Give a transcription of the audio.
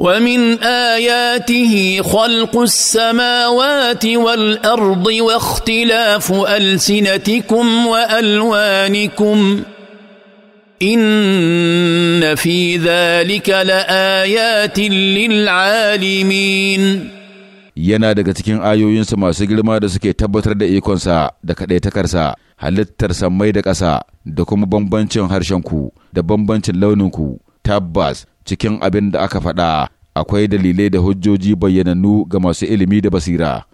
ومن اياته خلق السماوات والارض واختلاف السنتكم والوانكم ان في ذلك لايات للعالمين yana daga cikin ayoyinsa masu girma da suke tabbatar da ikonsa da kaɗaitakarsa halittar sammai da ƙasa da kuma bambancin harshenku da bambancin launinku tabbas cikin abin da aka faɗa akwai dalilai da hujjoji bayyanannu ga masu ilimi da basira.